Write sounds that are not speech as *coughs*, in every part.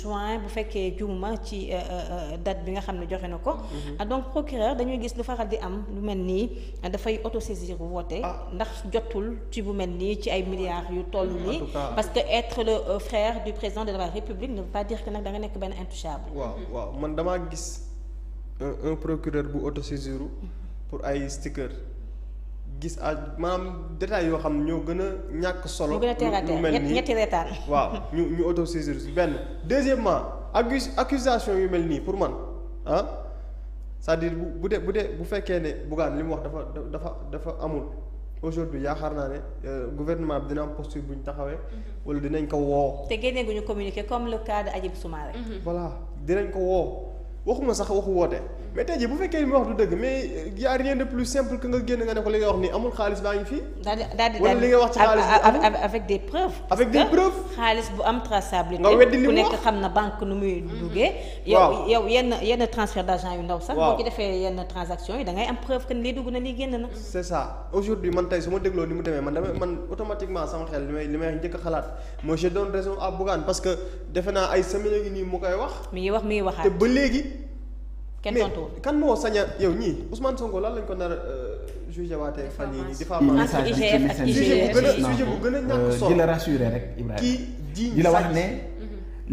juin bu fekkee jumuma ci euh, euh, euh, date bi nga xam ne joxe na ko. Mhm. Ah, donc procureur dañuy gis lu faral di am lu mel nii dafay autosaisir woote. Ah. ndax jotul ci bu mel nii ci ay milliards yu toll nii. parce que être le frère du président de la république ne veut pas dire que nag da nga nekk benn intouchable. waaw waaw man damaa gis un procureur bu autosaisiru pour ay stickers. gis à maanaam yoo xam ne ñoo gën a ñàkk solo. lu mel nii ñetti reetaan waaw ñu ñu auto-saisir benn. deuxièmement accu accusation yu mel nii pour man ah c'est-à-dire bu bu dee bu dee bu fekkee ne Bougane li mu wax dafa dafa dafa amul aujourd'hui yaakaar naa ne euh, gouvernement bi dina am posture bu ñu taxawee. Mhm. wala dinañ ko woo. te génne gu ñu communiqué comme le cas de Adjib Soumaré. voilà dinañ ko woo waxuma sax waxu woo de mais tey jii bu fekkee li mu wax du dëgg mais euh, y a rien de plus simple que nga génn nga ne ko li nga wax nii amul xaalis baa ngi fii. daal di wala li nga wax ci avec des preuves. xaalis bu am traçabilité. nga weddi li mu nekk xam na banque nu muy mm-hmm. duggee. waaw yow yow yen yenn transfert d' argent yu ndaw sax. waaw boo defee yenn transaction yi da ngay am preuve que lii dugg na lii génn na. c' ça aujourd'hui man tey su ma dégloo ni mu demee man damay man automatiquement a xalaat mooy je donne raison à Bougane parce que defe naa ay koy wax. mi ngi wax mi ngi waxaat te ba léegi kenn tontuwul kan moo sañ a yow ñii Ousmane Sonko lan lañ ko nar a euh, jugé waatee fan yii nii. diffamation jugé bu gën a jugé bu gën a ñàkk euh, solo di la kii di di ne.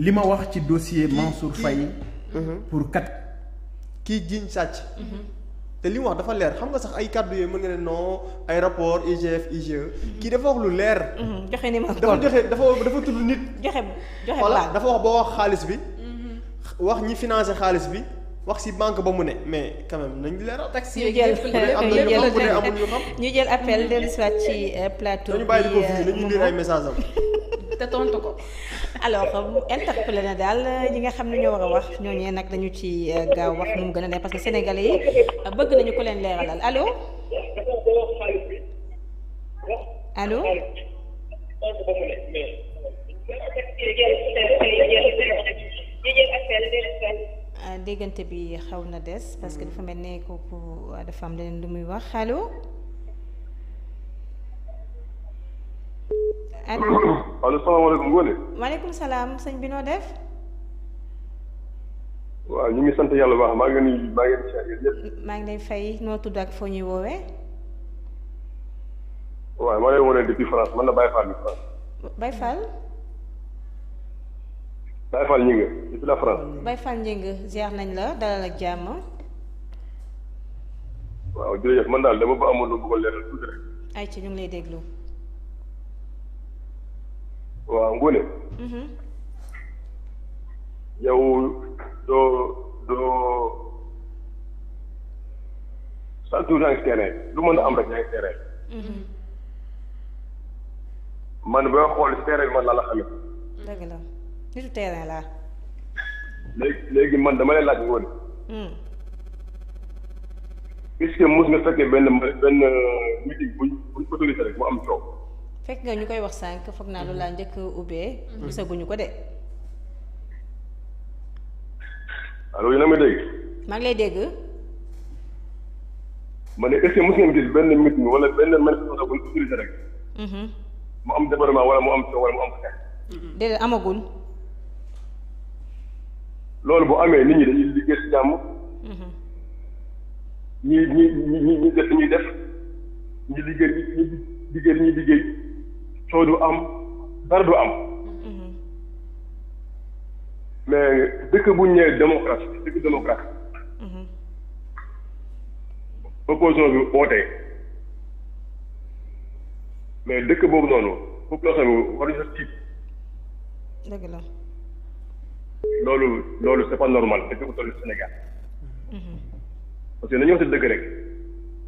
li ma wax ci dossier Mansour Faye mhm. pour kat. kii jiiñ sàcc. Mhm. te li mu wax dafa leer xam nga sax ay kàddu yooyu mën nga ne non ay rapport IGF IGE. Mhm. kii dafa wax lu leer. joxe ni ma dafa joxe dafa dafa tudd nit. joxe joxe voilà dafa wax boo wax xaalis bi. wax ñi financé xaalis bi. wax ci banque ba mu ne mais quand même nañu leeral. taxi ñu jël ñu jël appel dellusiwaat ci euh, plateau dañu bàyyi ko euh, fii dañuy lire ay message am. te tontu ko. alors interpellé na daal euh, ñi nga xam ne ñoo war a wax ñooñee nag dañu ci gaaw wax nu gën a ne parce que sénégalais yi bëgg nañu ko leen leeralal allo. Euh, déggante bi xaw na des parce que mm-hmm. dafa mel ne kooku euh, dafa am leneen lu muy wax allo *coughs* allo salaamaaleykum Ngoné maaleykum salaam sëñ bi noo def waaw ñu ngi sant yàlla baax maa ngi leen maa ngi leen ñëpp maa ngi lay fay noo tudd ak foo ñuy woowee waaw maa ngi lay woowee depuis France man la Baye Fall bi France Baye Fall Baye Fall Gningue depuis la France. Baye Fall Gningue nañ la dalal ak jàmm. waaw jërëjëf man daal dama ba amoon lu bëgg a leeral tuuti rek. ay ci ñu ngi lay déglu. waaw Ngoné. Mhm. yow doo doo chaque jour yaa ngi lu mën a am rek yaa mhm. man boo xool terrain man laa la xamee. dëgg la. nitu terrain laa. léegi man dama lay laaj woon. Hmm. est-ce que mos nga fekkee benn benn euh, meeting buñ buñ autorisé rek mu am coow. fekk nga ñu koy wax sànq foog naa loolu laa njëkk a ubbee. Hmm. gisaguñu ko de. allo yéen a may dégg. maa lay dégg. ma ne est-ce benn meeting wala buñ autorisé rek. Hmm. mu am débordement wala mu am coow wala mu am xeex. amagul. loolu bu amee nit ñi dañuy liggéey si jàmm. Mm-hmm. ñi ñi ñi def ñuy def ñi liggéey ñi liggéey ñi liggéey soo du am dara du am. Mm-hmm. mais dëkk bu ñu nee démocratie dëkk démocratie. Mm-hmm. opposition bi ootee mais dëkk boobu noonu population bi war nañu sa tiit. dëgg loolu loolu c'est pas normal dëkk bu tollu Sénégal parce que nañu wax dëgg rek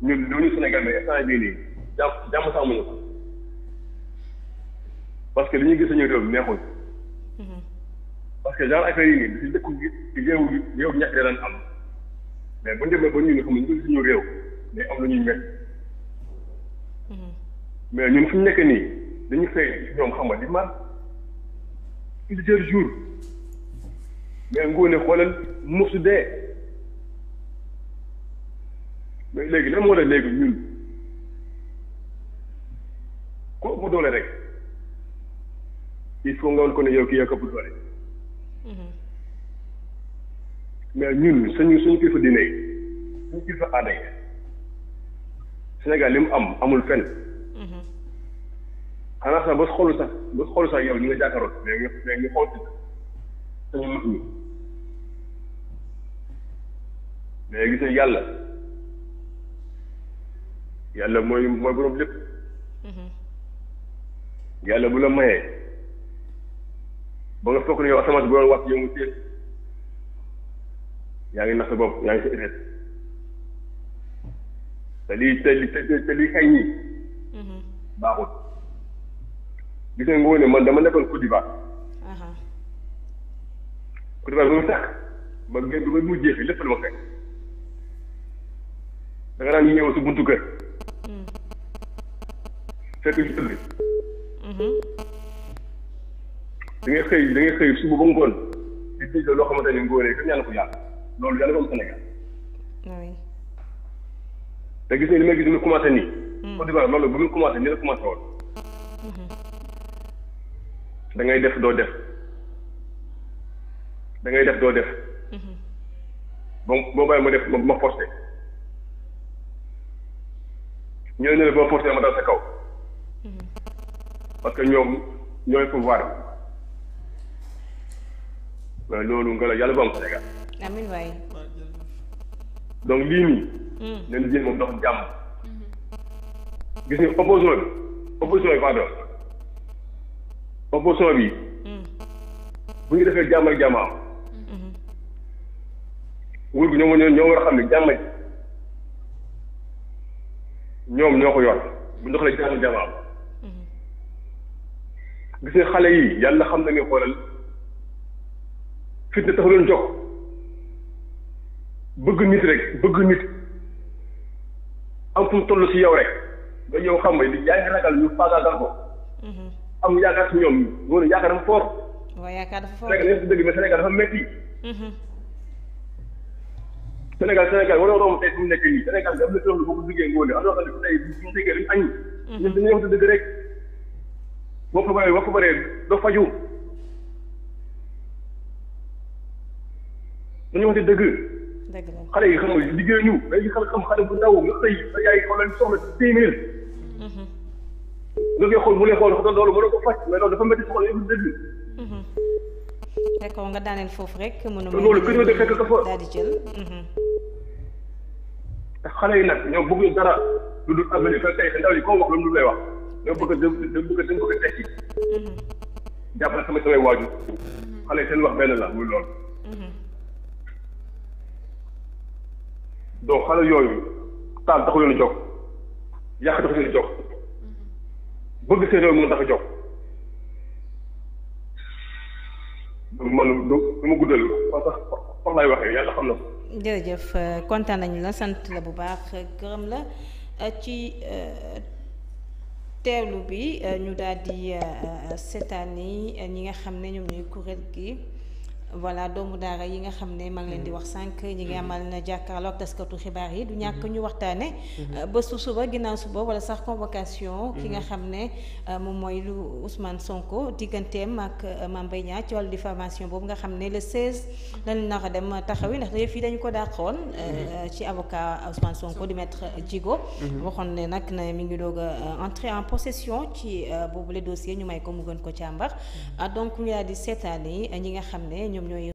ñun lu ñu Sénégal mais instant bii nii jàmm jàmm sax amuñu ko parce que li ñuy gis suñu réew neexul parce que genre affaire yi nii si dëkku gi réew réew ñàkk daan am mais bu ñu demee ba ñu ne xam ne ñu ngi suñu réew mais am lu ñuy mel mais ñun fu ñu nekk nii dañu fay ñoom xam nga li mar plusieurs jours mais Ngoné xoolal mos dee mais léegi lan moo tax léegi ñun ko mu doole rek il faut nga woon ko ne yow kii yaa ko ëpp doole ñun suñu suñu kilifa diine yi suñu kilifa aada yi Sénégal li mu am amul fenn xanaa sax ba xoolu sax ba sax yow ñu nga jàkkaaroon mais nga mais nga xool si sax mais gis nga yàlla yàlla mooy mooy borom lépp yàlla bu la mayee ba nga fokk ne yow asamaan bu doon wàcc yow mu téye yaa ngi nax sa bopp yaa ngi sa état te lii te lii te lii xëy ñii baaxul gis nga nga ne man dama nekkoon Côte d'Ivoire uh-huh. Côte d'Ivoire bi ma sàkk ba gën bi ma mujjee fi lépp la ma fekk da nga daan ñëw si buntu kër. Mm. fekk ñu tëdd. Mm-hmm. da ngay xëy da ngay xëy suba ba ngoon di dégg loo xamante ne ngóoree kenn ñaan ko yàlla loolu yàlla ko am Sénégal. oui. te gis nga li may gis ñu commencé nii. Mm. Côte d'Ivoire loolu bu muy commencé nii la commencé woon. Mm-hmm. da ngay def doo def da ngay def doo def. Mm-hmm. boo boo bàyyi ma def ma forcé. ñoo ne boo forcé ma sa kaw mm-hmm. parce que ñoom ñooy pouvoir bi loolu nga la yàlla bu am Sénégal amiin waay donc lii nii leen mm. jéem moom dox jàmm mm-hmm. gis nga opposition bi opposition bi pardon opposition bi mm. bu ñu defee jàmm ak jàmm am mm-hmm. nguur gi ñoo ñoo war a xam ne jàmm ñoom ñoo ko yor bu ñu doxalee jaamu jamaa gis nga xale yi yàlla xam na ne xoolal fitna taxu leen jóg bëgg nit rek bëgg nit am fu mu toll ci yow rek nga yow xam nga yaa ngi ragal ñu faagaagal ko. am yaakaar ci ñoom ñu ne dafa fort. Sénégal Sénégal war na romb tey fi mu nekk nii Sénégal bi am na solo dañu añ. Mhm. ñun dañuy wax dëgg rek boo ko bëree boo ko bëree doo faju dañu wax la xale yi xam nga liggéey ñu dañuy xam xam xale bu ndaw nga xëy sa yaay xool lañ soxla mhm. nga koy xool mu lay loolu mën na ko faj mais loolu mhm. jël. xale yi nag ñoom bëgg dara lu dul avenir fa tey ndaw yi koo wax lu lay wax ñoo bëgg a da bëgg dañ bëgg a tey jàppale sama seen wax benn la muy loolu donc xale yooyu taal taxu leen a jóg yàq taxu leen a bëgg seen réew mu tax a man du ma guddal parce que fan laay waxee yàlla xam na ko jërëjëf euh, kontaan nañu la sant la bu baax gërëm la euh, ci euh, teewlu bi ñu daal di seetaan yi ñi nga xam ne ñoom ñooy kuréel gi. voilà doomu daara yi nga xam ne maa ngi leen di mm. wax sànq ñi ngi mm. amal na jàkkaarloog taskatu xibaar yi du mm-hmm. ñàkk ñu waxtaane mm-hmm. euh, ba su suba ginnaaw suba wala sax convocation ki nga mm-hmm. xam ne euh, moom mooy lu Ousmane Sonko digganteem ak euh, Mame Mbaye Niang ci wàllu diffamation boobu nga xam ne le 16 lañ nar a dem taxawi ndax yëf yi dañu ko dàqoon ci avocat Ousmane Sonko di maître Djigo ne nag na mi ngi doog a entrer en possession ci boobu le dossier ñu may ko mu gën ko càmbar ah, donc ñu daal di seetaan yi ñi nga xam ne ñoom ñooy